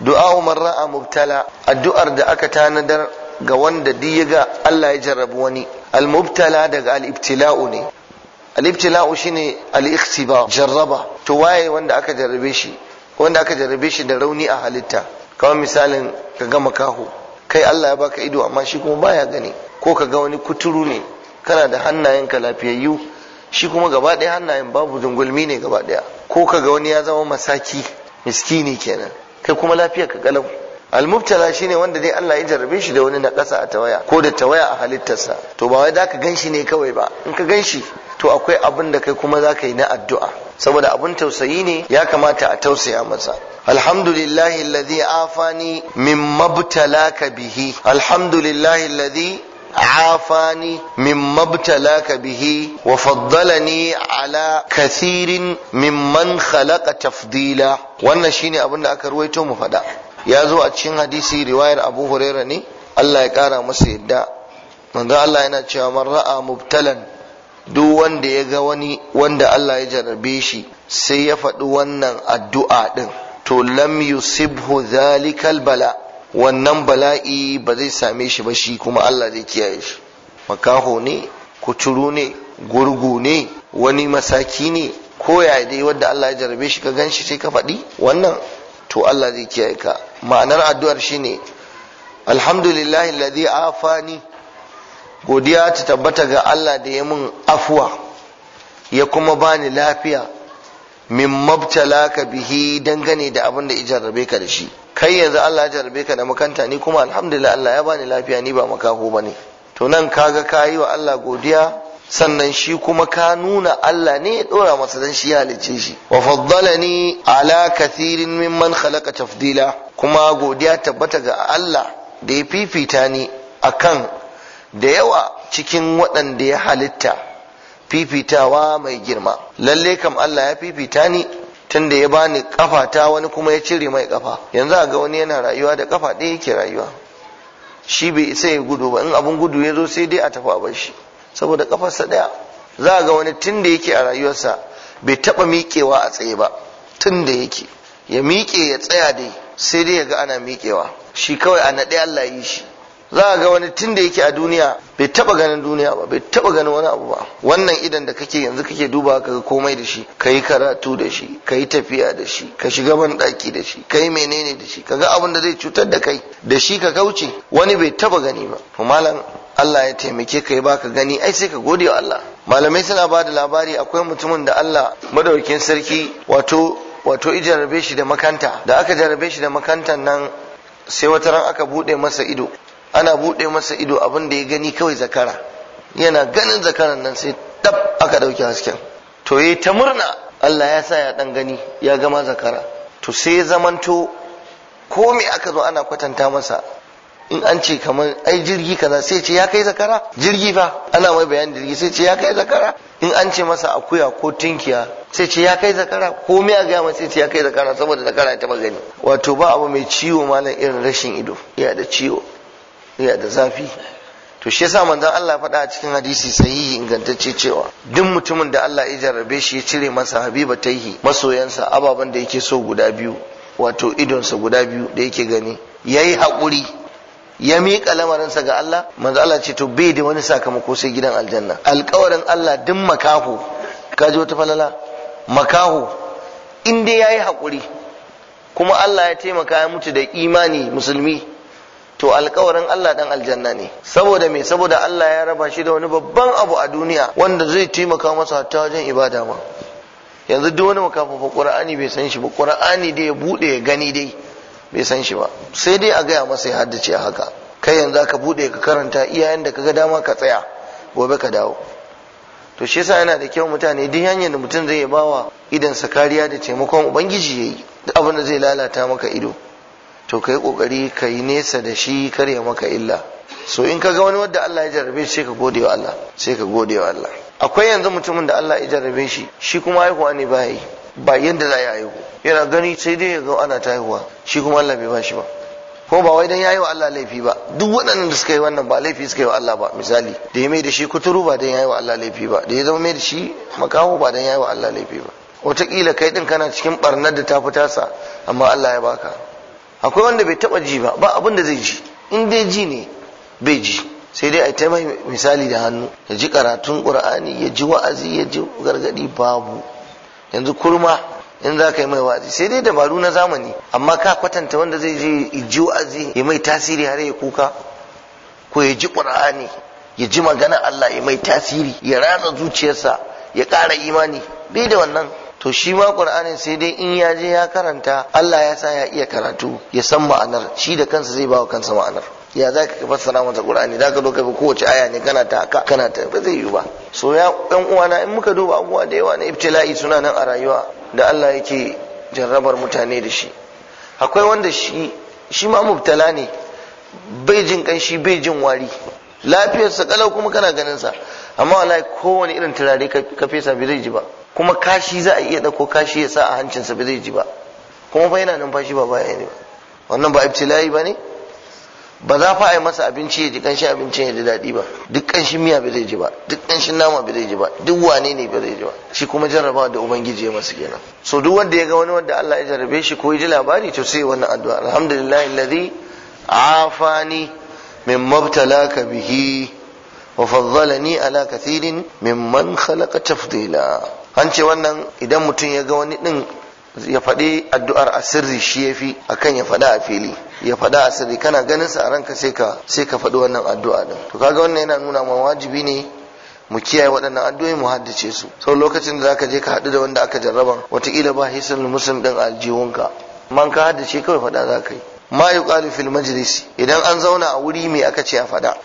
du'a umar ra'a mubtala addu'ar da aka tanadar ga wanda diga Allah ya jarrabu wani al-mubtala daga al-ibtila'u ne al-ibtila'u shine al-ikhtiba jarraba to waye wanda aka jarrabe shi wanda aka jarrabe shi da rauni a halitta kamar misalin ka ga makaho kai Allah ya baka ido amma shi kuma baya gani ko ka ga wani kuturu ne kana da ka lafiyayyu shi kuma gaba hannayen babu dungulmi ne gaba ko ka ga wani ya zama masaki miskini kenan kai kuma lafiyar ka kalau almubtala shine wanda dai Allah ya jarrabe shi da wani naƙasa a tawaya ko da tawaya a halittarsa to ba wai zaka ganshi ne kawai ba in ka ganshi to akwai abin da kai kuma zaka yi na addu'a saboda abun tausayi ne ya kamata a tausaya masa alhamdulillahi alladhi afani min ka bihi alhamdulillahi alladhi عافاني مما ابتلاك به وفضلني على كثير ممن خلق tafdila. wannan shine abin da aka ruwaito mu faɗa ya zo a cikin hadisi riwayar Abu Huraira ne Allah ya ƙara masa yadda manzo Allah yana cewa man ra'a mubtalan duk wanda ya ga wani wanda Allah ya jarrabe shi sai ya faɗi wannan addu'a din to lam yusibhu zalikal bala' wannan bala'i ba zai same shi ba shi kuma Allah zai kiyaye shi makaho ne kuturu ne gurgu ne wani masaki ne ko ya dai wanda Allah ya jarabe shi ka ganshi sai ka faɗi wannan to Allah zai kiyaye ka ma'anar addu'ar shine alhamdulillahi alladhi afani godiya ta tabbata ga Allah da ya mun afuwa ya kuma bani lafiya min mabtala ka bihi dangane da abin da jarrabe ka da shi kai yanzu Allah ya jarrabe ka da makanta ni kuma alhamdulillah Allah ya bani lafiya ni ba makaho bane to nan kaga kayi wa Allah godiya sannan shi kuma ka nuna Allah ne ya dora masa dan shi ya halicce shi wa faddalani ala kathirin mimman khalaqa tafdila kuma godiya tabbata ga Allah da ya fifita ni akan da yawa cikin waɗanda ya halitta fifitawa mai girma lalle kam Allah ya fifita ni tunda ya bani kafa ta wani kuma ya cire mai kafa yanzu a ga wani yana rayuwa da kafa ɗaya yake rayuwa shi bai isa ya gudu ba in abun gudu ya zo sai dai a tafi a shi saboda kafarsa ɗaya za a ga wani tunda yake a rayuwarsa bai taɓa miƙewa a tsaye ba tunda yake ya miƙe ya tsaya dai sai dai ya ga ana miƙewa shi kawai a naɗe Allah yi shi za a ga wani tun da yake a duniya bai taba ganin duniya ba bai taba ganin wani abu ba wannan idan da kake yanzu kake duba ka ga komai da shi ka yi karatu da shi ka yi tafiya da shi ka shiga ban daki da shi ka yi menene da shi ka ga abin da zai cutar da kai da shi ka kauce wani bai taba gani ba malam Allah ya taimake ka ya baka gani ai sai ka gode wa Allah malamai suna ba da labari akwai mutumin da Allah madaukin sarki wato wato i jarabe shi da makanta da aka jarabe shi da makantan nan sai wata ran aka bude masa ido ana buɗe masa ido abin da ya gani kawai zakara yana ganin zakaran nan sai ɗab aka ɗauki hasken to yi ta murna Allah ya sa ya ɗan gani ya gama zakara to sai ya zamanto ko me aka zo ana kwatanta masa in an ce kamar ai jirgi kaza sai ce ya kai zakara jirgi fa ana mai bayan jirgi sai ce ya kai zakara in an ce masa akuya ko tinkiya sai ce ya kai zakara ko me a gama sai ce ya kai zakara saboda zakara ya taba gani wato ba abu mai ciwo malam irin rashin ido ya da ciwo ya da zafi to shi yasa manzon Allah faɗa a cikin hadisi sahihi ingantacce cewa duk mutumin da Allah ya jarrabe shi ya cire masa habiba taihi masoyansa ababan da yake so guda biyu wato idonsa guda biyu da yake gani yayi hakuri ya miƙa lamarinsa ga Allah manzo Allah ce to bai da wani sakamako sai gidan aljanna alƙawarin Allah duk makaho ka ji wata falala makaho in dai yayi hakuri kuma Allah ya taimaka ya mutu da imani musulmi to alkawarin Allah dan aljanna ne saboda me saboda Allah ya raba shi da wani babban abu a duniya wanda zai taimaka masa hatta wajen ibada ma yanzu duk wani makafafa qur'ani bai san shi ba qur'ani dai ya bude ya gani dai bai san shi ba sai dai a gaya masa ya haddace a haka kai yanzu ka bude ka karanta iyayen da kaga dama ka tsaya gobe ka dawo to shi yasa yana da kyau mutane duk hanyar da mutum zai bawa idan sa kariya da taimakon ubangiji yayi abin da zai lalata maka ido to kai kokari ka yi nesa da shi kar ya maka illa so in ka ga wani wanda Allah ya jarrabe shi ka gode wa Allah sai ka gode wa Allah akwai yanzu mutumin da Allah ya jarrabe shi shi kuma haihuwa ne ba yi ba yanda za ya haihu yana gani sai dai ya ga ana ta haihuwa shi kuma Allah bai ba shi ba ko ba wai dan yayi wa Allah laifi ba duk waɗannan da suka yi wannan ba laifi suka yi wa Allah ba misali da ya mai da shi kuturu ba dan yayi wa Allah laifi ba da ya zama mai da shi makaho ba dan yayi wa Allah laifi ba wataƙila kai din kana cikin barnar da ta fitasa amma Allah ya baka akwai wanda bai taba ji ba ba abin da zai ji in dai ji ne bai ji sai dai a ta mai misali da hannu ya ji karatun qur'ani ya ji wa'azi ya ji gargadi babu yanzu kurma in za ka yi mai wa'azi sai dai dabaru na zamani amma ka kwatanta wanda zai je ji wa'azi ya mai tasiri har ya kuka ko ya ji qur'ani ya ji magana Allah ya mai tasiri ya ratsa zuciyarsa ya ƙara imani bai da wannan to shi ma qur'anin sai dai in ya je ya karanta Allah ya sa ya iya karatu ya san ma'anar shi da kansa zai bawa kansa ma'anar ya za ka fassara masa qur'ani za ka zo kowace aya ne kana ta kana ta ba zai yi ba so ya dan uwana in muka duba abubuwa da yawa na ibtila'i suna nan a rayuwa da Allah yake jarrabar mutane da shi akwai wanda shi shi ma mubtala ne bai jin kanshi bai jin wari lafiyarsa kalau kuma kana ganin sa amma wallahi kowane irin turare ka fesa bai zai ji ba kuma kashi za a iya dauko kashi ya sa a hancinsa ba zai ji ba kuma fa yana numfashi ba baya ne ba wannan ba ibtila'i ba ne ba za fa a masa abinci ya ji shi abincin ya ji daɗi ba duk shi miya ba zai ji ba duk shi nama ba zai ji ba duk wane ne ba zai ji ba shi kuma jarraba da ubangiji ya masa kenan so duk wanda ya ga wani wanda Allah ya jarrabe shi ko ya ji labari to sai wannan addu'a alhamdulillah alladhi afani min mabtalaka bihi wa faddalani ala kathirin mimman khalaqa tafdila an ce wannan idan mutum ya ga wani din ya faɗi addu'ar a shi ya fi akan ya faɗa a fili ya faɗa a sirri kana ganin sa a ranka sai ka sai ka faɗi wannan addu'a din to kaga wannan yana nuna ma wajibi ne mu kiyaye waɗannan addu'o'i mu haddace su sau lokacin da zaka je ka haɗu da wanda aka jarraba wataƙila ba hisan muslim din aljihunka man ka haddace kawai faɗa za ka yi ma yuqalu fil majlis idan an zauna a wuri me aka ce a faɗa